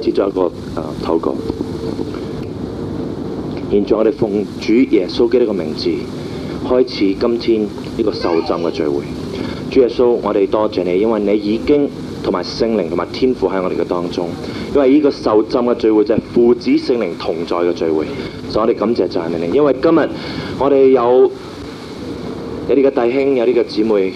接咗一個誒禱告，現、呃、在我哋奉主耶穌基督嘅名字開始今天呢個受浸嘅聚會。主耶穌，我哋多謝你，因為你已經同埋聖靈同埋天父喺我哋嘅當中。因為呢個受浸嘅聚會就係父子聖靈同在嘅聚會，所以我哋感謝讚美你，你。因為今日我哋有你哋嘅弟兄有呢個姊妹，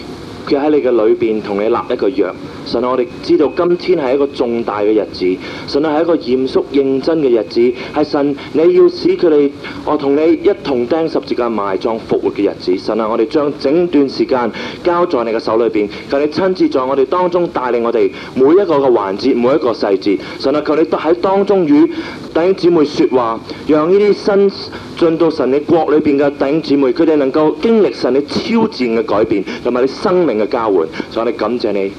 佢喺你嘅裏邊同你立一個約。神啊，我哋知道今天係一個重大嘅日子，神啊，係一個嚴肅認真嘅日子，係神你要使佢哋我同你一同釘十字架埋葬復活嘅日子。神啊，我哋將整段時間交在你嘅手裏邊，求你親自在我哋當中帶領我哋每一個嘅環節，每一個細節。神啊，求你都喺當中與弟兄姊妹說話，讓呢啲新進到神嘅國裏邊嘅弟兄姊妹，佢哋能夠經歷神嘅超自然嘅改變，同埋你生命嘅交換。所以啊，我哋感謝你。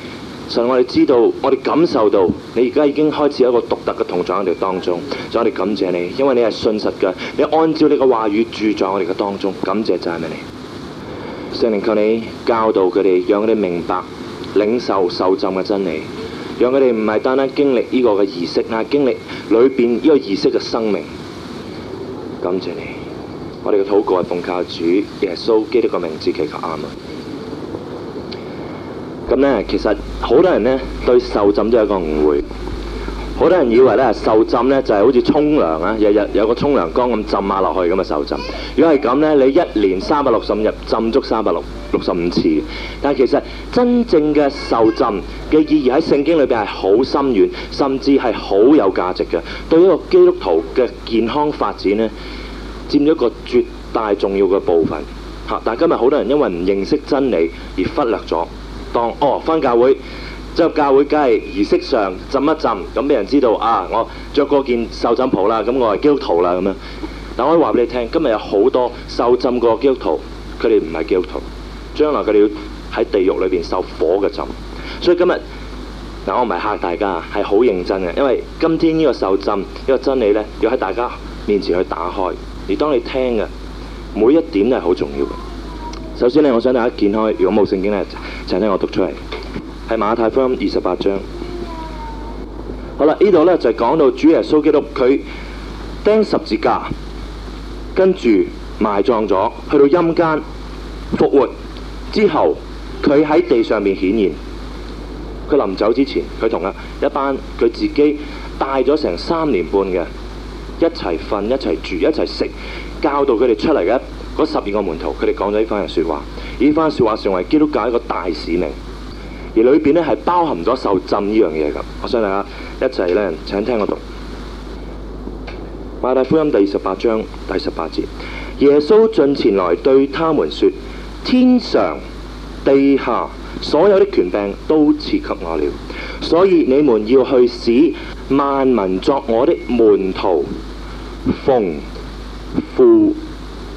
神，我哋知道，我哋感受到你而家已經開始有一個獨特嘅同在喺我哋當中，所以我哋感謝你，因為你係信實嘅，你按照你嘅話語住在我哋嘅當中，感謝就係咩呢？聖靈，求你教導佢哋，讓佢哋明白領受受浸嘅真理，讓佢哋唔係單單經歷呢個嘅儀式啦，經歷裏邊呢個儀式嘅生命。感謝你，我哋嘅禱告係奉靠主耶穌基督嘅名字祈求阿門。咁咧，其實好多人呢對受浸都有一個誤會，好多人以為呢，受浸呢就係好似沖涼啊，日日有個沖涼缸咁浸下落去，咁啊受浸。如果係咁呢，你一年三百六十五日浸足三百六六十五次。但係其實真正嘅受浸嘅意義喺聖經裏邊係好深遠，甚至係好有價值嘅，對一個基督徒嘅健康發展呢，佔咗個絕大重要嘅部分嚇。但係今日好多人因為唔認識真理而忽略咗。當哦，翻教會即係教會，梗係儀式上浸一浸，咁俾人知道啊！我著過件受浸袍啦，咁我係基督徒啦咁樣。嗱，我可以話俾你聽，今日有好多受浸過基督徒，佢哋唔係基督徒，將來佢哋要喺地獄裏邊受火嘅浸。所以今日嗱，我唔係嚇大家啊，係好認真嘅，因為今天呢個受浸呢個真理咧，要喺大家面前去打開。而當你聽嘅每一點都係好重要嘅。首先呢，我想大家見開《如果冇聖經》呢，請聽我讀出嚟，喺馬太福音二十八章。好啦，呢度呢，就講到主耶穌基督佢釘十字架，跟住埋葬咗，去到陰間復活之後，佢喺地上面顯現。佢臨走之前，佢同啊一班佢自己帶咗成三年半嘅，一齊瞓，一齊住，一齊食，教導佢哋出嚟嘅。嗰十二個門徒，佢哋講咗呢番人説話，呢番説話成為基督教一個大使命，而裏面咧係包含咗受浸呢樣嘢嘅。我想大家一齊呢，請聽我讀《馬太福音》第二十八章第十八節：耶穌進前來對他們說：天上、地下所有的權柄都賜給我了，所以你們要去使萬民作我的門徒，奉父。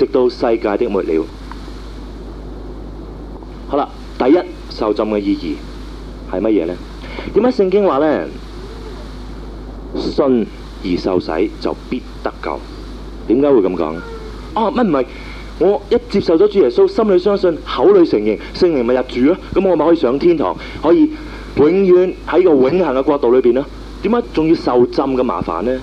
直到世界的末了，好啦，第一，受浸嘅意義係乜嘢呢？點解聖經話呢，「信而受洗就必得救？點解會咁講？哦、啊，乜唔係我一接受咗主耶穌，心裏相信，口裏承認，聖靈咪入住咯？咁我咪可以上天堂，可以永遠喺個永恆嘅國度裏邊呢？點解仲要受浸嘅麻煩呢？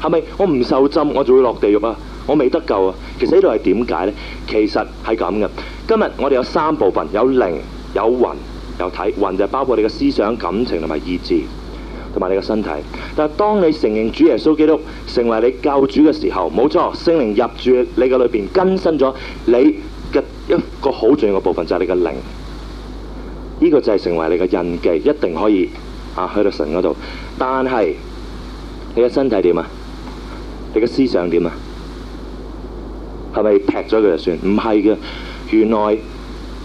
係咪我唔受浸，我就會落地獄啊？我未得救啊？其實呢度係點解呢？其實係咁嘅。今日我哋有三部分，有靈、有魂、有體。魂就包括你嘅思想、感情同埋意志，同埋你嘅身體。但係當你承認主耶穌基督成為你救主嘅時候，冇錯，聖靈入住你嘅裏邊，更新咗你嘅一個好重要嘅部分，就係你嘅靈。呢個就係成為你嘅印記，一定可以啊去到神嗰度。但係你嘅身體點啊？你嘅思想點啊？係咪劈咗佢就算？唔係嘅，原來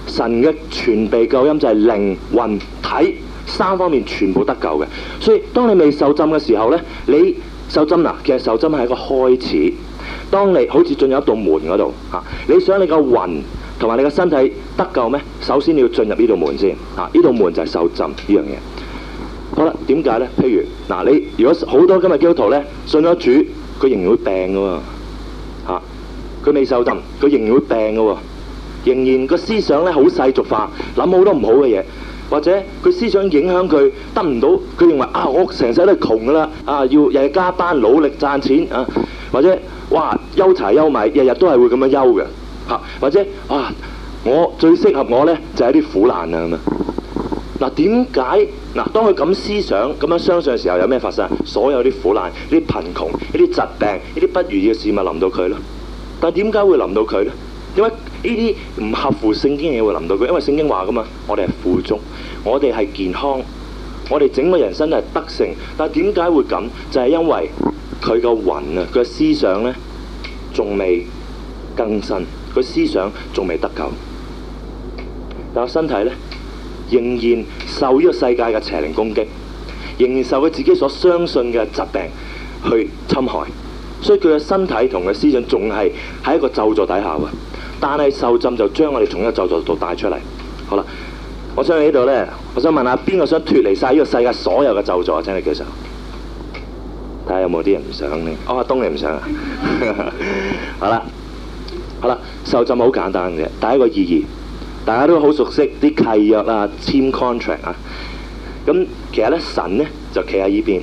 神嘅全備救恩就係靈、魂、體三方面全部得救嘅。所以當你未受浸嘅時候呢，你受浸嗱、啊，其實受浸係一個開始。當你好似進入一道門嗰度嚇，你想你個魂同埋你個身體得救咩？首先你要進入呢道門先嚇，呢、啊、道門就係受浸呢樣嘢。好啦，點解呢？譬如嗱、啊，你如果好多今日基督徒呢，信咗主，佢仍然會病嘅、啊。佢未受浸，佢仍然會病嘅喎、哦，仍然個思想咧好世俗化，諗好多唔好嘅嘢，或者佢思想影響佢得唔到，佢認為啊，我成世都係窮嘅啦，啊要日日加班努力賺錢啊，或者哇憂愁憂米憂柴憂米，日日都係會咁樣憂嘅嚇、啊，或者啊，我最適合我呢，就係、是、啲苦難啊咁啊，嗱點解嗱當佢咁思想咁樣相信嘅時候，有咩發生？所有啲苦難、啲貧窮、啲疾病、啲不如意嘅事物臨到佢咯。但係點解會臨到佢呢？因為呢啲唔合乎聖經嘅嘢會臨到佢，因為聖經話噶嘛，我哋係富足，我哋係健康，我哋整個人生都係得勝。但係點解會咁？就係因為佢個魂啊，佢思想呢，仲未更新，佢思想仲未得救。但係身體呢，仍然受呢個世界嘅邪靈攻擊，仍然受佢自己所相信嘅疾病去侵害。所以佢嘅身體同佢思想仲係喺一個咒詛底下喎，但係受浸就將我哋從一個咒詛度帶出嚟。好啦，我想喺呢度呢，我想問下邊個想脫離晒呢個世界所有嘅咒詛啊？請你舉手，睇下有冇啲人唔想呢？哦，阿東你唔想啊？嗯、 好啦，好啦，受浸好簡單嘅，第一個意義，大家都好熟悉啲契約啦、啊，簽 contract 啊。咁其實呢，神呢就企喺呢邊，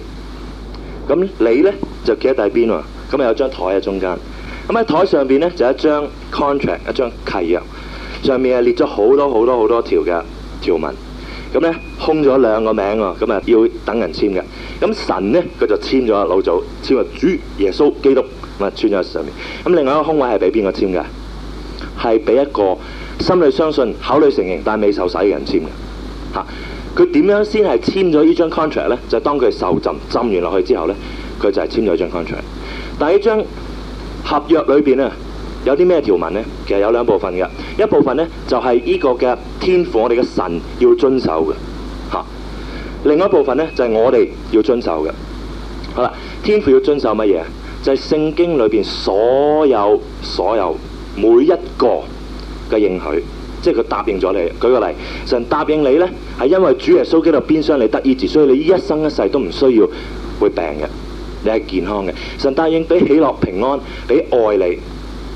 咁你呢就企喺第二邊喎？咁啊，有一張台喺中間。咁喺台上面咧，就有一張 contract，一張契約，上面係列咗好多好多好多條嘅條文。咁咧，空咗兩個名喎，咁啊要等人簽嘅。咁神咧，佢就簽咗老祖，簽咗主耶穌基督，咁咪簽咗喺上面。咁另外一個空位係俾邊個簽嘅？係俾一個心裏相信、考慮承認但未受洗嘅人簽嘅。吓，佢點樣先係簽咗呢張 contract 咧？就係、當佢受浸浸完落去之後咧，佢就係簽咗一張 contract。第一張合約裏面啊，有啲咩條文呢？其實有兩部分嘅，一部分呢，就係、是、依個嘅天父我哋嘅神要遵守嘅、啊、另外一部分呢，就係、是、我哋要遵守嘅。好啦，天父要遵守乜嘢？就係、是、聖經裏面所有所有每一個嘅應許，即係佢答應咗你。舉個例，神答應你呢，係因為主耶穌基督鞭傷你得醫治，所以你一生一世都唔需要會病嘅。你係健康嘅，神答應俾喜樂、平安、俾愛你，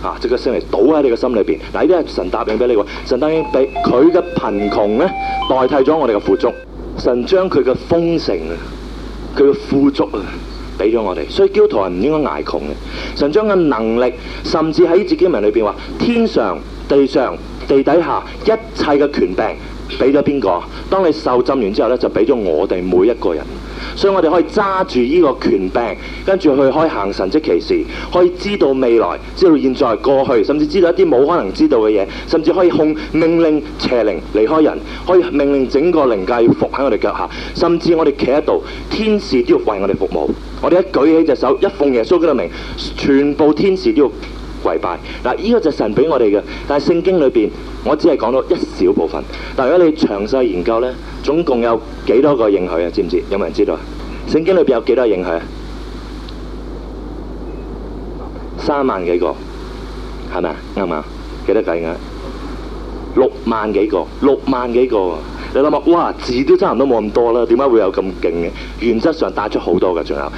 啊，即刻升嚟，倒喺你個心裏邊。嗱，呢啲係神答應俾你嘅。神答應俾佢嘅貧窮咧，代替咗我哋嘅富足。神將佢嘅豐盛啊，佢嘅富足啊，俾咗我哋。所以基督徒人唔應該挨窮嘅。神將嘅能力，甚至喺自己嘅人裏邊話，天上、地上、地底下一切嘅權柄，俾咗邊個？當你受浸完之後咧，就俾咗我哋每一個人。所以我哋可以揸住呢個權柄，跟住去開行神蹟奇事，可以知道未來、知道現在、過去，甚至知道一啲冇可能知道嘅嘢，甚至可以控命令邪靈離開人，可以命令整個靈界要伏喺我哋腳下，甚至我哋企喺度，天使都要為我哋服務。我哋一舉起隻手，一奉耶穌嘅名，全部天使都要。跪拜嗱，依個就是神俾我哋嘅，但係聖經裏邊我只係講到一小部分，但係如果你詳細研究呢，總共有幾多個應許啊？知唔知？有冇人知道？聖經裏邊有幾多個應許啊？三萬幾個係咪啊？啱唔啱？幾多計啊？六萬幾個，六萬幾個，你諗下，哇字都差唔多冇咁多啦，點解會有咁勁嘅？原則上帶出好多嘅，仲有。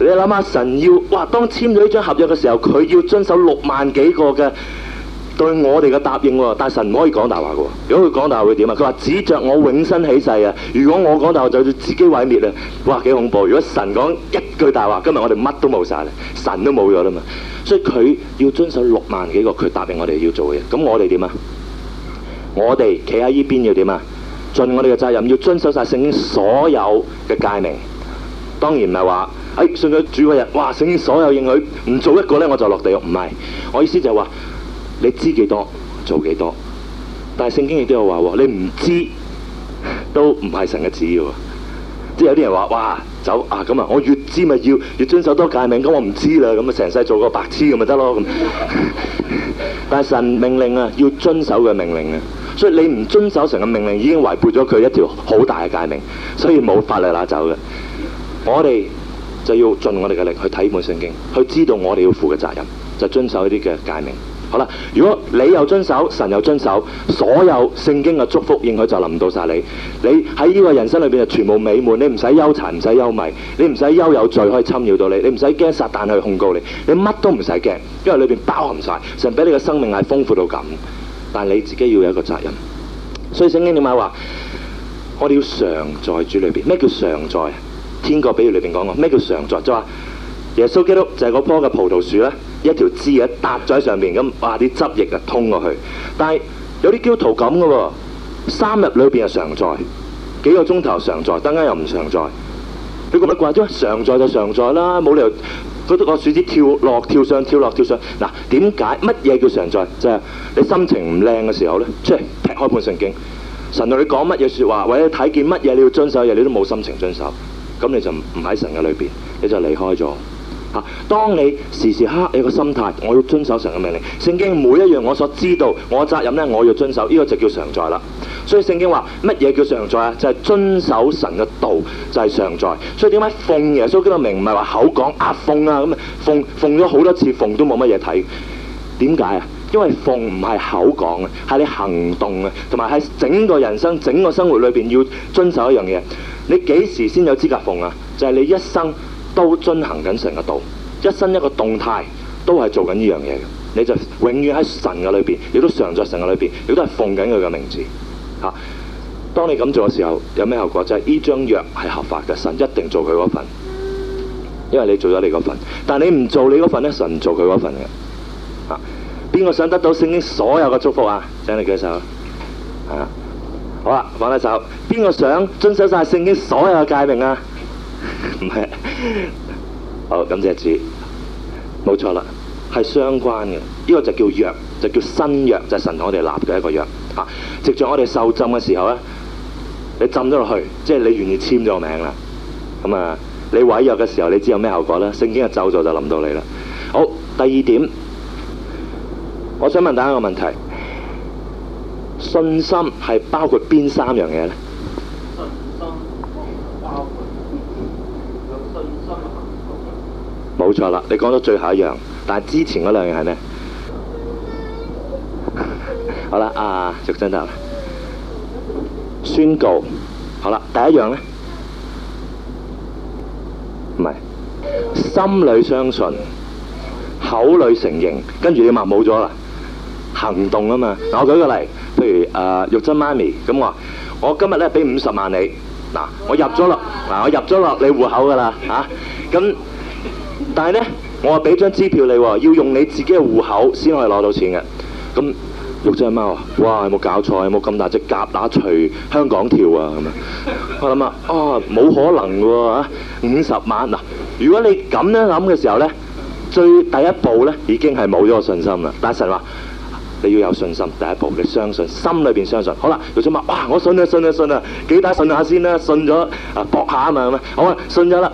你諗下，神要哇，當簽咗呢張合約嘅時候，佢要遵守六萬幾個嘅對我哋嘅答應喎。但係神唔可以講大話嘅。如果佢講大話會點啊？佢話指着我永生起誓啊！如果我講大話，就要自己毀滅啊！哇，幾恐怖！如果神講一句大話，今日我哋乜都冇晒啦，神都冇咗啦嘛。所以佢要遵守六萬幾個佢答應我哋要做嘅嘢。咁我哋點啊？我哋企喺依邊要點啊？盡我哋嘅責任，要遵守晒聖經所有嘅誡命。當然唔係話。哎，信咗主嘅人，哇！聖經所有應許，唔做一個咧我就落地獄。唔係，我意思就係話，你知幾多做幾多。但係聖經亦都有話喎，你唔知都唔係神嘅旨意喎。即係有啲人話：哇，走啊咁啊！我越知咪要越遵守多戒命，咁我唔知啦，咁啊成世做個白痴咁咪得咯咁。但係神命令啊，要遵守佢命令啊，所以你唔遵守神嘅命令，已經違背咗佢一條好大嘅戒命，所以冇法例拿走嘅。我哋。就要盡我哋嘅力去體會聖經，去知道我哋要負嘅責任，就遵守一啲嘅誡命。好啦，如果你有遵守，神有遵守，所有聖經嘅祝福應許就臨到晒你。你喺呢個人生裏面就全部美滿，你唔使憂柴，唔使憂米，你唔使憂有罪可以侵擾到你，你唔使驚撒旦去控告你，你乜都唔使驚，因為裏面包含晒。神俾你嘅生命係豐富到咁。但你自己要有一個責任。所以聖經點解話我哋要常在主裏邊？咩叫常在？天國比喻裏邊講過咩叫常在？就話、是、耶穌基督就係嗰棵嘅葡萄樹咧，一條枝一搭在上面，咁，哇啲汁液啊通過去。但係有啲基督徒咁嘅喎，三日裏邊係常在，幾個鐘頭常在，等間又唔常在。你覺唔覺得？咁話咗常在就常在啦，冇理由嗰、那個樹枝跳落跳上跳落跳上嗱。點解乜嘢叫常在？就係、是、你心情唔靚嘅時候咧，即係劈開本聖經，神同你講乜嘢說話，或者睇見乜嘢，你要遵守嘢，你都冇心情遵守。咁你就唔喺神嘅裏邊，你就離開咗。吓，當你時時刻刻有個心態，我要遵守神嘅命令。聖經每一樣我所知道，我責任呢，我要遵守。呢個就叫常在啦。所以聖經話乜嘢叫常在啊？就係遵守神嘅道就係常在。所以點解奉耶穌基督名唔係話口講啊，奉啊，咁奉奉咗好多次，奉都冇乜嘢睇？點解啊？因為奉唔係口講啊，係你行動啊，同埋喺整個人生整個生活裏邊要遵守一樣嘢。你幾時先有資格奉啊？就係、是、你一生都遵行緊神嘅道，一生一個動態都係做緊呢樣嘢嘅。你就永遠喺神嘅裏面，亦都常在神嘅裏面，亦都係奉緊佢嘅名字。啊、當你咁做嘅時候，有咩後果？就係、是、呢張約係合法嘅，神一定做佢嗰份，因為你做咗你嗰份。但你唔做你嗰份咧，神唔做佢嗰份嘅。邊、啊、個想得到聖經所有嘅祝福啊？請你舉手。嚇、啊！好啦，啊，放一手。邊個想遵守晒聖經所有嘅誡命啊？唔 係，好，感謝主，冇錯啦，係相關嘅。呢、這個就叫約，就叫新約，就是、神同我哋立嘅一個約。啊，直在我哋受浸嘅時候咧，你浸咗落去，即係你願意簽咗個名啦。咁啊，你毀約嘅時候，你知有咩後果咧？聖經嘅咒詛就諗到你啦。好，第二點，我想問大家一個問題。信心係包括邊三樣嘢咧？信心包括有信心嘅行動。冇錯啦，你講咗最後一樣，但係之前嗰兩樣係咩？好啦，阿卓真答啦，宣告。好啦，第一樣咧，唔係心裏相信，口裏承認，跟住你話冇咗啦，行動啊嘛。嗱，我舉個例。譬如誒玉珍媽咪咁話，我今日咧俾五十萬你，嗱我入咗咯，嗱我入咗落你戶口噶啦嚇，咁但係咧我話俾張支票你喎，要用你自己嘅戶口先可以攞到錢嘅。咁玉珍媽話：哇，有冇搞錯？有冇咁大隻蛤乸隨香港跳啊？咁啊，我諗啊，啊冇可能喎嚇，五十萬嗱，如果你咁樣諗嘅時候咧，最第一步咧已經係冇咗個信心啦。達臣話。你要有信心，第一步你相信，心裏邊相信。好啦，陸想話：哇，我信，信，信，信，信，信，信啊，信啊，信啊，幾大信下先啦，信咗啊搏下啊嘛，咁好啊，信咗啦。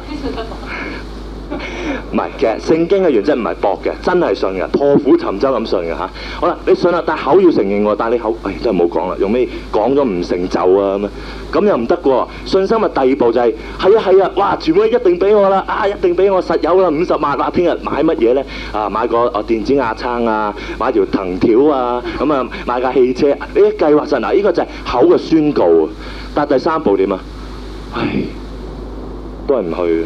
唔係，嘅，其實聖經嘅原則唔係薄嘅，真係信嘅，破釜沉舟咁信嘅嚇。好啦，你信啦，但口要承認喎。但你口，唉、哎，都係冇講啦，用咩講咗唔成就啊咁啊？咁又唔得嘅喎。信心嘅第二步就係、是，係啊係啊，哇！全部一定俾我啦，啊一定俾我實有啦，五十萬啦，聽日買乜嘢咧？啊買個啊電子亞撐啊，買，啊買條藤條啊，咁啊買一架汽車。呢計劃神啊，呢、這個就係口嘅宣告。但第三步點啊？唉，都係唔去嘅，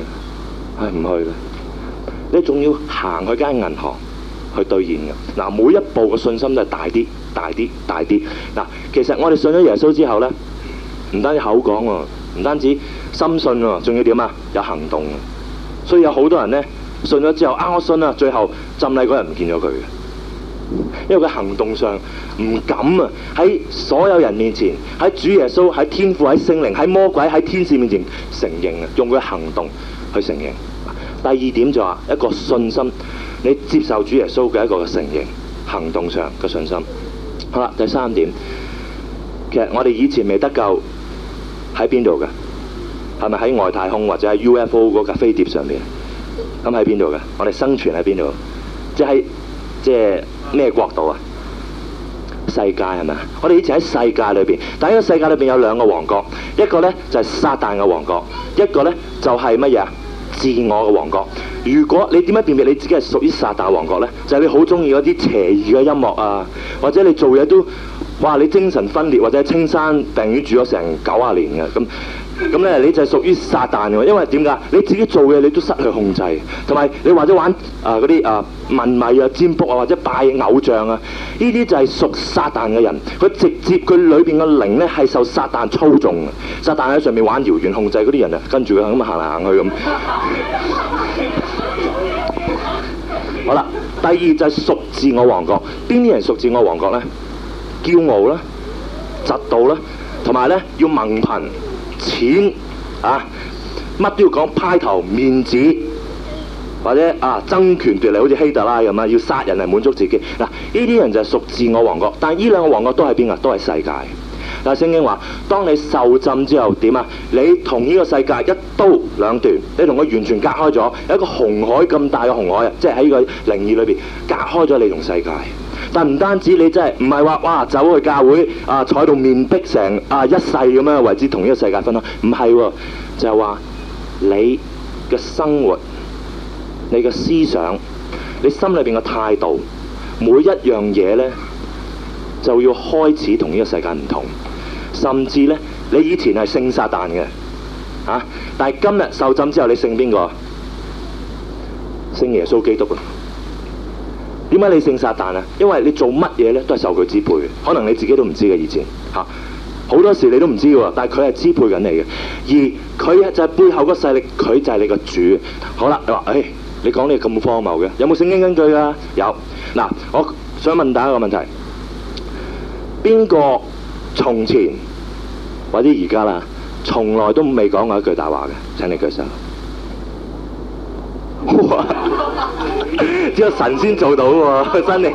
唉唔去嘅。你仲要行去間銀行去兌現嘅，嗱，每一步嘅信心都係大啲、大啲、大啲，嗱。其實我哋信咗耶穌之後呢，唔單止口講喎，唔單止深信喎，仲要點啊？有行動，所以有好多人呢，信咗之後啊，我信啦，最後浸禮嗰日唔見咗佢嘅，因為佢行動上唔敢啊，喺所有人面前，喺主耶穌、喺天父、喺聖靈、喺魔鬼、喺天使面前承認啊，用佢行動去承認。第二點就話一個信心，你接受主耶穌嘅一個的承認行動上嘅信心。好啦，第三點，其實我哋以前未得救喺邊度嘅？係咪喺外太空或者喺 UFO 嗰架飛碟上面？咁喺邊度嘅？我哋生存喺邊度？就係即係咩國度啊？世界係咪？我哋以前喺世界裏面，但係呢個世界裏面有兩個王國，一個咧就係、是、撒旦嘅王國，一個咧就係乜嘢？自我嘅王國，如果你點樣辨別你自己係屬於撒旦王國咧，就係你好中意嗰啲邪異嘅音樂啊，或者你做嘢都，哇！你精神分裂或者青山病院住咗成九啊年嘅咁。咁咧，你就係屬於撒旦嘅，因為點解？你自己做嘢你都失去控制，同埋你或者玩啊嗰啲啊問米啊、占卜啊，或者拜偶像啊，呢啲就係屬撒旦嘅人。佢直接佢裏邊嘅靈咧係受撒旦操縱嘅，撒旦喺上面玩遙遠控制嗰啲人啊，跟住佢咁啊行嚟行去咁。好啦，第二就係屬自我王國，邊啲人屬自我王國咧？驕傲啦，嫉妒啦，同埋咧要蒙貧。錢啊，乜都要講派頭面子，或者啊爭權奪利，好似希特拉咁啊，要殺人嚟滿足自己嗱。呢、啊、啲人就係屬自我王國，但係呢兩個王國都係邊啊？都係世界。嗱、啊，聖經話：當你受浸之後點啊？你同呢個世界一刀兩斷，你同佢完全隔開咗，有一個紅海咁大嘅紅海啊，即係喺呢個靈意裏面隔開咗你同世界。但唔單止你真係，唔係話哇走去教會啊、呃，坐喺度面壁成啊、呃、一世咁樣，為之同呢個世界分開。唔係喎，就係、是、話你嘅生活、你嘅思想、你心裏面嘅態度，每一樣嘢呢，就要開始同呢個世界唔同。甚至呢，你以前係姓撒旦嘅，嚇、啊，但係今日受浸之後，你姓邊個？姓耶穌基督啊！點解你信撒旦啊？因為你做乜嘢咧都係受佢支配嘅，可能你自己都唔知嘅以前嚇，好多時你都唔知喎，但係佢係支配緊你嘅。而佢就係背後嗰勢力，佢就係你個主。好啦，你話，唉、哎，你講你咁荒謬嘅，有冇聖經根據㗎？有嗱，我想問大家一個問題：邊個從前或者而家啦，從來都未講過一句大話嘅？請你舉手。 只有神先做到喎、啊，真係。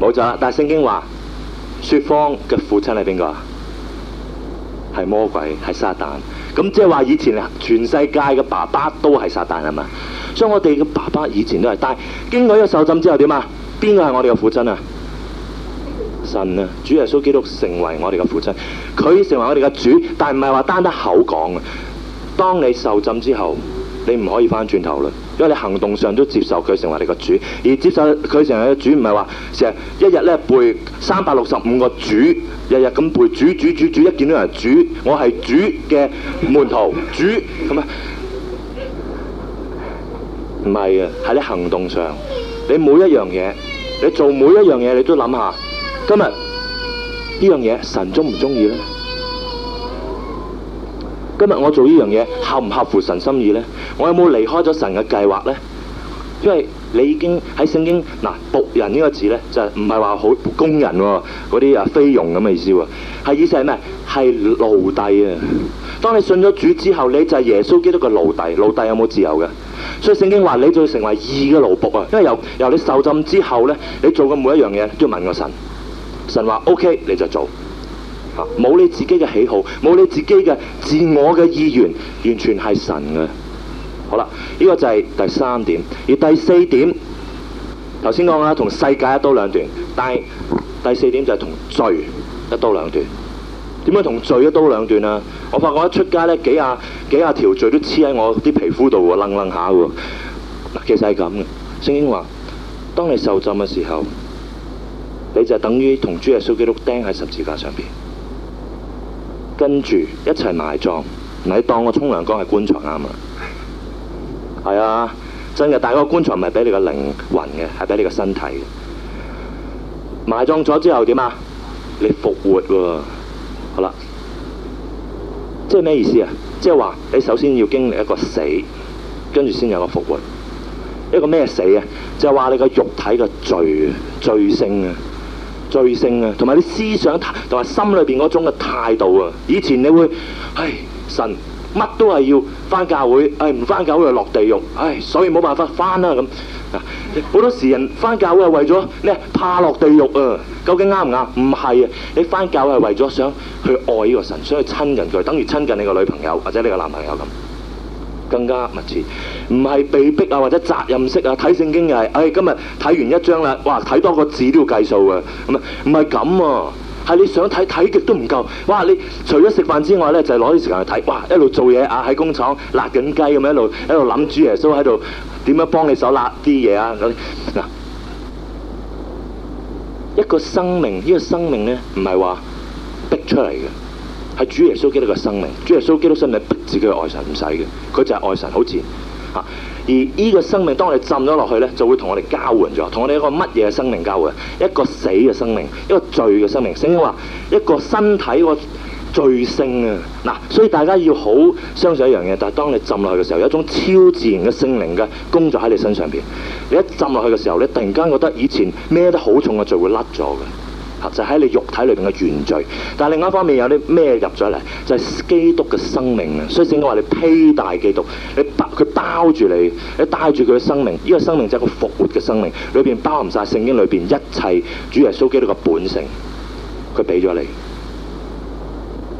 冇錯啦，但係聖經話，說謊嘅父親係邊個啊？係魔鬼，係撒旦。咁即係話以前全世界嘅爸爸都係撒旦，係嘛？所以我哋嘅爸爸以前都係，但係經過咗受浸之後點啊？邊個係我哋嘅父親啊？神啊，主耶穌基督成為我哋嘅父親，佢成為我哋嘅主，但係唔係話單得口講嘅。當你受浸之後，你唔可以翻轉頭嘞，因為你行動上都接受佢成為你個主，而接受佢成為個主唔係話成日一日咧背三百六十五個主，日日咁背主主主主，主，一見到人主，我係主嘅門徒， 主咁啊，唔係嘅，喺你行動上，你每一樣嘢，你做每一樣嘢，你都諗下，今日、這個、呢樣嘢神中唔中意咧？今日我做呢樣嘢合唔合乎神心意呢？我有冇離開咗神嘅計劃呢？因為你已經喺聖經嗱僕、呃、人呢個字呢，就唔係話好工人喎、哦，嗰啲啊菲傭咁嘅意思喎、哦，係意思係咩？係奴隸啊！當你信咗主之後，你就係耶穌基督嘅奴隸。奴隸有冇自由嘅？所以聖經話你就要成為義嘅奴僕啊！因為由由你受浸之後呢，你做嘅每一樣嘢都要問個神，神話 OK，你就做。冇你自己嘅喜好，冇你自己嘅自我嘅意願，完全係神嘅。好啦，呢個就係第三點。而第四點，頭先講啦，同世界一刀兩斷。但係第四點就係同罪一刀兩斷。點解同罪一刀兩斷啊？我發覺一出街呢，幾廿幾廿條罪都黐喺我啲皮膚度喎，愣愣下喎。嗱，其實係咁嘅。聖經話：當你受浸嘅時候，你就等於同主耶穌基督釘喺十字架上面。跟住一齊埋葬，你當個沖涼缸係棺材啱嘛？係啊，真嘅。但係個棺材唔係俾你個靈魂嘅，係俾你個身體嘅。埋葬咗之後點啊？你復活喎，好啦。即係咩意思啊？即係話你首先要經歷一個死，跟住先有個復活。一個咩死，就是、啊？就係話你個肉體嘅罪罪性啊！罪性啊，同埋啲思想同埋心裏邊嗰種嘅態度啊，以前你會，唉，神乜都係要翻教會，唉，唔翻教會就落地獄，唉，所以冇辦法翻啦咁。好多時人翻教會係為咗咩？怕落地獄啊？究竟啱唔啱？唔係啊！你翻教會係為咗想去愛呢個神，想去親近佢，等於親近你個女朋友或者你個男朋友咁。更加密切，唔係被逼啊，或者責任式啊睇聖經又係，哎今日睇完一章啦，哇睇多個字都要計數嘅，唔係唔係咁喎，係、啊、你想睇睇極都唔夠，哇你除咗食飯之外呢，就攞、是、啲時間去睇，哇一路做嘢啊喺工廠在辣緊雞咁、啊、樣一路一路諗主耶穌喺度點樣幫你手辣啲嘢啊嗱、啊，一個生命呢個生命呢，唔係話逼出嚟嘅。係主耶穌基督嘅生命，主耶穌基督生命逼自己嘅愛神，唔使嘅，佢就係愛神好自然、啊、而依個生命，當我哋浸咗落去咧，就會同我哋交換咗，同我哋一個乜嘢嘅生命交換？一個死嘅生命，一個罪嘅生命。聖經話一個身體個罪性啊，嗱，所以大家要好相信一樣嘢，但係當你浸落去嘅時候，有一種超自然嘅聖靈嘅工作喺你身上邊。你一浸落去嘅時候咧，你突然間覺得以前孭得好重嘅罪會甩咗嘅。就喺、是、你肉體裏邊嘅原罪，但係另外一方面有啲咩入咗嚟？就係、是、基督嘅生命啊！所以聖經話你披戴基督，你包佢包住你，你帶住佢嘅生命。呢、這個生命就係個復活嘅生命，裏邊包含晒聖經裏邊一切主耶穌基督嘅本性，佢俾咗你，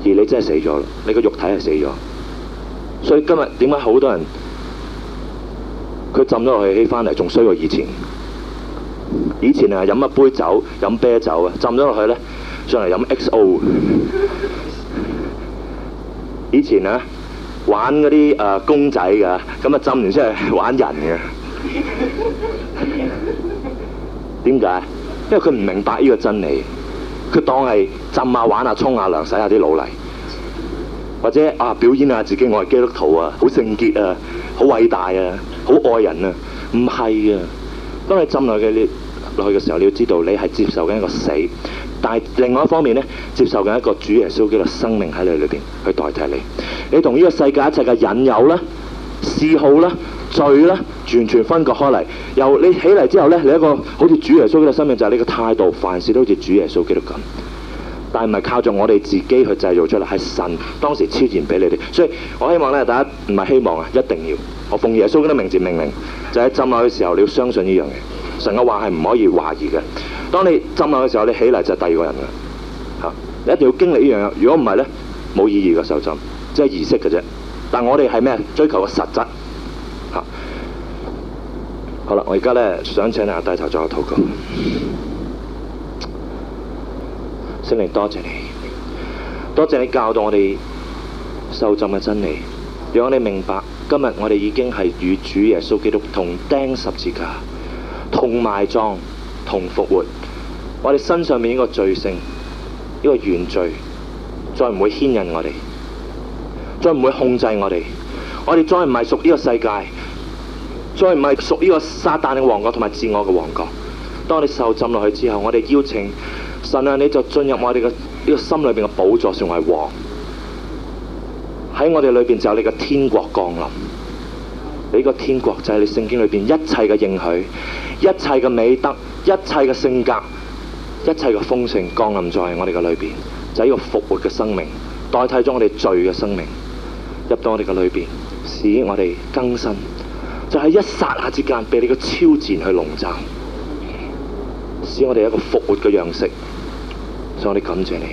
而你真係死咗啦！你個肉體係死咗，所以今日點解好多人佢浸咗落去起翻嚟仲衰過以前？.以前啊，飲一杯酒，飲啤酒啊，浸咗落去咧，上嚟飲 XO。以前啊，玩嗰啲誒公仔噶，咁啊浸完之後玩人嘅。點解？因為佢唔明白呢個真理，佢當係浸下、啊、玩下，沖下涼，洗下啲腦嚟，或者啊表演下、啊、自己，我係基督徒啊，好聖潔啊，好偉大啊，好愛人啊，唔係啊。當你浸落去嘅時候，你要知道你係接受緊一個死，但係另外一方面呢，接受緊一個主耶穌基督生命喺你裏邊去代替你。你同呢個世界一切嘅引誘咧、嗜好咧、罪咧，完全分割開嚟。由你起嚟之後呢，你一個好似主耶穌基督生命就係你個態度，凡事都好似主耶穌基督咁。但係唔係靠著我哋自己去製造出嚟，係神當時超然俾你哋。所以我希望呢，大家唔係希望啊，一定要。我奉耶穌基督嘅名字命令，就喺、是、浸落去嘅時候，你要相信呢樣嘢。神嘅話係唔可以懷疑嘅。當你浸落去嘅時候，你起嚟就係第二個人啦。嚇、啊！你一定要經歷這要呢樣嘢。如果唔係咧，冇意義嘅受浸，即係儀式嘅啫。但我哋係咩？追求嘅實質。嚇、啊！好啦，我而家咧想請阿大頭做個禱告。聖靈多謝你，多謝你教導我哋受浸嘅真理，讓我哋明白。今日我哋已經係與主耶穌基督同釘十字架、同埋葬、同復活。我哋身上面呢個罪性、呢個原罪，再唔會牽引我哋，再唔會控制我哋。我哋再唔係屬呢個世界，再唔係屬呢個撒旦嘅王國同埋自我嘅王國。當你受浸落去之後，我哋邀請神啊，你就進入我哋嘅呢個心裏邊嘅寶座，成為王。喺我哋裏邊就有你個天國降臨，你個天國就係你聖經裏邊一切嘅應許，一切嘅美德，一切嘅性格，一切嘅豐盛降臨在我哋嘅裏邊，就係一個復活嘅生命，代替咗我哋罪嘅生命入到我哋嘅裏邊，使我哋更新，就係一剎那之間俾你個超自然去籠罩，使我哋一個復活嘅樣式，所以我哋感謝你，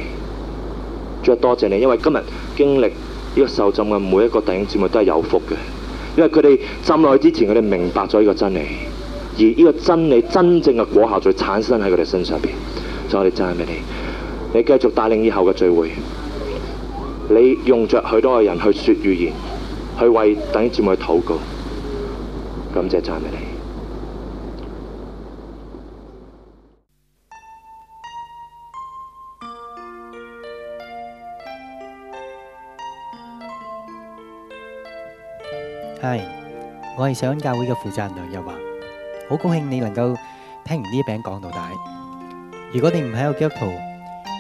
再有多謝你，因為今日經歷。呢、這個受浸嘅每一個弟兄姊妹都係有福嘅，因為佢哋浸落去之前，佢哋明白咗呢個真理，而呢個真理真正嘅果效就產生喺佢哋身上邊。所以我哋讚美你，你繼續帶領以後嘅聚會，你用着許多嘅人去説語言，去為弟兄姊妹去禱告。感謝讚美你。係，我係上恩教會嘅負責人梁日華，好高興你能夠聽完呢一餅講到大。如果你唔喺個基督徒，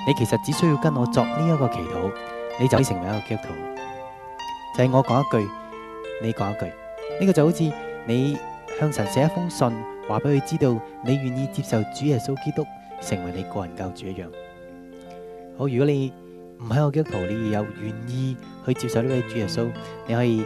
你其實只需要跟我作呢一個祈禱，你就可以成為一個基督徒。就係我講一句，你講一句，呢個就好似你向神寫一封信，話俾佢知道你願意接受主耶穌基督成為你個人救主一樣。好，如果你唔喺個基督徒，你有願意去接受呢位主耶穌，你可以。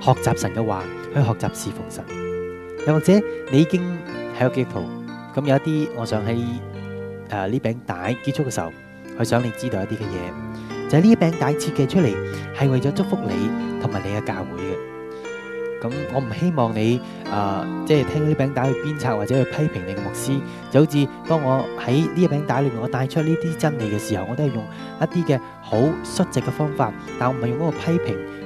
學習神嘅話，去學習侍奉神。又或者你已經喺個基督徒，咁有一啲，我想喺誒呢餅帶結束嘅時候，去想你知道一啲嘅嘢，就係呢餅帶設計出嚟係為咗祝福你同埋你嘅教會嘅。咁我唔希望你誒，即係聽到呢餅帶去鞭策，或者去批評你嘅牧師。就好似當我喺呢餅帶裏面，我帶出呢啲真理嘅時候，我都係用一啲嘅好率直嘅方法，但我唔係用嗰個批評。